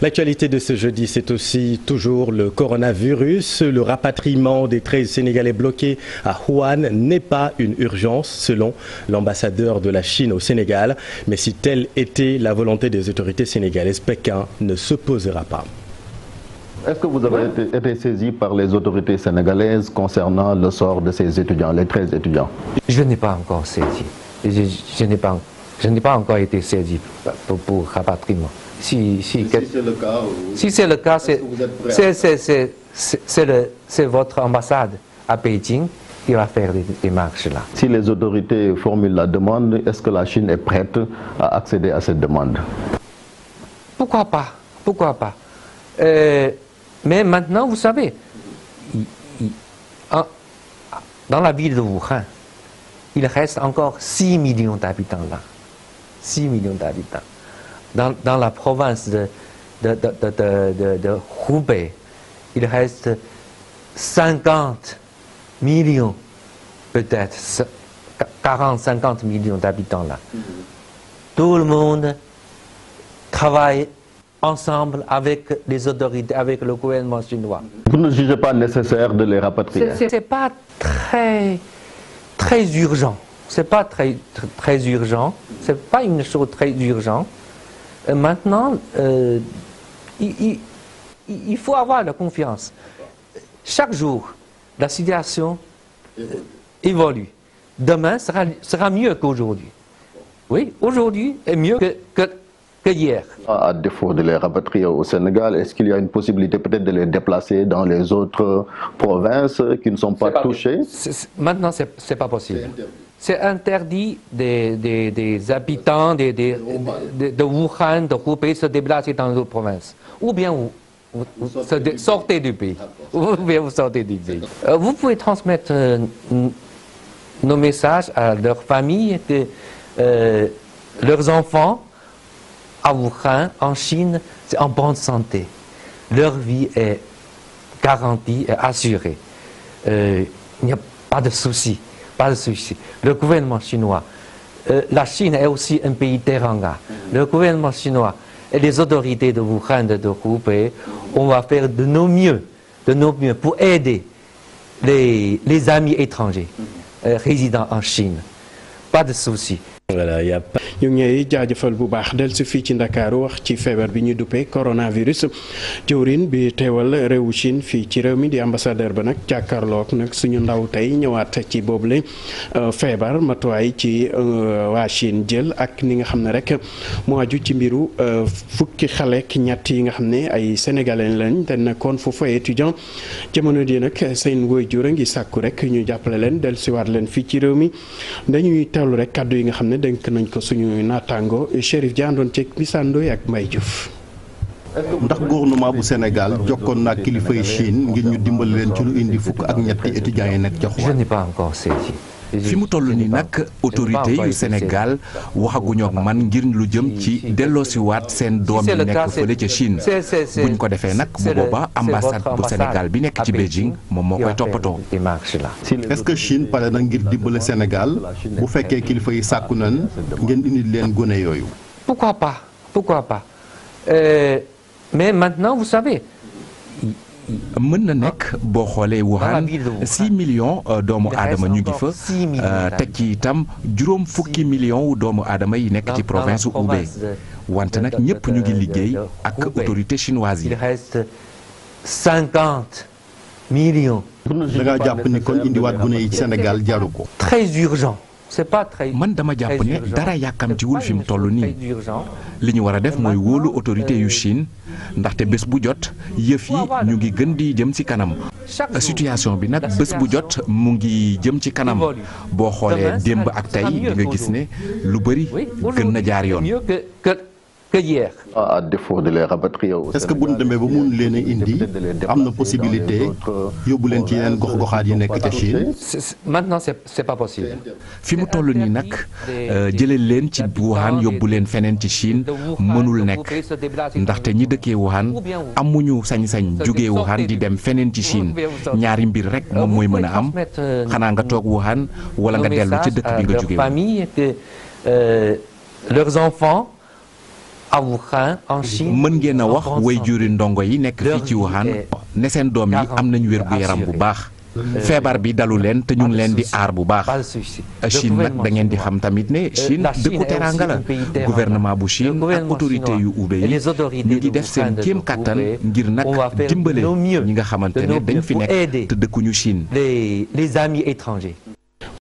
L'actualité de ce jeudi, c'est aussi toujours le coronavirus. Le rapatriement des 13 Sénégalais bloqués à Wuhan n'est pas une urgence, selon l'ambassadeur de la Chine au Sénégal. Mais si telle était la volonté des autorités sénégalaises, Pékin ne s'opposera pas. Est-ce que vous avez été, saisi par les autorités sénégalaises concernant le sort de ces étudiants, les 13 Je n'ai pas encore été saisi pour rapatriement. si c'est le cas. c'est le cas c'est c'est votre ambassade à Pékin qui va faire des démarches là. Si les autorités formulent la demande, est-ce que la Chine est prête à accéder à cette demande? Pourquoi pas? Euh, mais maintenant, vous savez, dans la ville de Wuhan, il reste encore 6 millions d'habitants là. dans, dans la province de, de, il reste millions, peut-être 40-50 millions d'habitants là. Mm Tout le monde travaille ensemble avec les autorités, avec le gouvernement chinois. Mm-hmm. Vous ne jugez pas nécessaire de les rapatrier Ce n'est pas très, très urgent. Ce n'est pas une chose très urgente. Euh, maintenant, euh, il, il, il, faut avoir la confiance. Chaque jour, la situation euh, évolue. Demain sera, sera mieux qu'aujourd'hui. Oui, aujourd'hui est mieux que, que, que hier. À défaut de les rapatrier au Sénégal, est-ce qu'il y a une possibilité peut-être de les déplacer dans les autres provinces qui ne sont pas, pas touchées Maintenant, ce n'est pas possible. c'est interdit des, des, des, habitants des, des de, de, Wuhan, de Hubei, se déplacer dans d'autres provinces. Ou bien vous, sortez, du pays. Euh, vous pouvez transmettre euh, nos messages à leurs familles, de, euh, leurs enfants à Wuhan, en Chine, c'est en bonne santé. Leur vie est garantie et assurée. Euh, il n'y a pas de souci. par ceci. Le gouvernement chinois, euh, la Chine est aussi un pays dérangant. Mm-hmm. Le gouvernement chinois et les autorités de Wuhan, de, de on va faire de nos mieux, pour aider les, amis étrangers mm-hmm. euh, résidant en Chine. Pas de souci. ñu ngi ñuy jaajëfal bu baax del si fii ci ndakaaru wax ci feebar bi ñu duppee coronavirus jëwrin bi teewal réewu Chine fii ci réew mi di ambassadeur ba nag jàkkaarloog nag suñu ndaw tey ñëwaat ci boobu boobule euh, feebar matuwaay ci euh, waa Chine jël ak ni nga xam ne rek mu aju ci mbiru euh, fukki xale ak ñett yi nga xam ne ay sénégalais lañ te nekkoon foofu ay étudiant jamono ji nag seen jur a ngi sàkku rek ñu jàppale leen dellusiwaat leen fii ci réew mi dañuy teewlu nañ ko suñu suñu naataango Chérif Diandoon ceeg Missane ak Mbaye Diouf. ndax gouvernement bu Sénégal jokkoon na kilifay Chine ngir ñu dimbali leen ci lu indi fukk ak ñetti étudiants yi nekk ca Wuhan. fi mu toll ni nag autorité yu Sénégal waxaguñu ak man ngir lu jëm ci delloosiwaat seen doom yi nekk fële ca Chine buñ ko defee nag bu booba ambassade bu Sénégal bi nekk ci Beijing moom moo koy toppatoo. est-ce que Chine pare na ngir dimbale Sénégal bu fekkee kilifa yi sàkku nan ngeen indi leen gone yooyu. pourquoi pas pourquoi euh, mën na nekk boo xoolee Wuhan 6 millions euh, doomu aadama ñu ngi fa euh, teg ci itam juróom fukki wu doomu aadama yi nekk ci province u Hubei wante nag ñëpp ñu ngi liggéey ak autorité chinoise yi. cinquante millions. da ngaa jàpp ni kon indiwaat gune yi ci senegal jaru ko. man dama jàpp ne dara yàkkamtiwul fi mu toll nii li ñu war a def mooy wóolu autorité yu euh, Chine ndaxte bés bu jot yëf yi ñu ngi gën di jëm ci kanam situation bi nag bés bu jot mu ngi jëm ci kanam boo xoolee démb ak tey nga gis ne lu bari gën na jaar yoon que jeex. que bu ñu demee ba mun leen a indi am na possibilité yóbbu leen ci yeneen gox-goxaat yi nekk ca Chine. maintenant c'est fi mu toll nii nag euh, jëlee leen ci Wuhan yóbbu leen feneen ci Chine mënul nekk ndaxte ñi dëkkee amu amuñu sañ-sañ jugee Wuhan di dem feneen ci Chine ñaari mbir rek moom euh, mooy mën a am euh, xanaa nga toog Wuhan wala nga dellu ci dëkk bi nga jugee. leurs mën ngeen a wax waajuri ndongo yi nekk fii ci waxaan ne seen doom yi am nañu wér-gu-yaram bu baax euh, feebar bi dalu leen te ñu ngi leen di aar bu baax Chine nag da ngeen di xam tamit ne euh, Chine dëkku teraanga la gouvernement bu Chine ak autorité yu ube yi ñu ngi def seen kéem kàttan ngir nag dimbale ñi nga xamante ne dañ fi nekk te dëkkuñu Chine les amis étrangers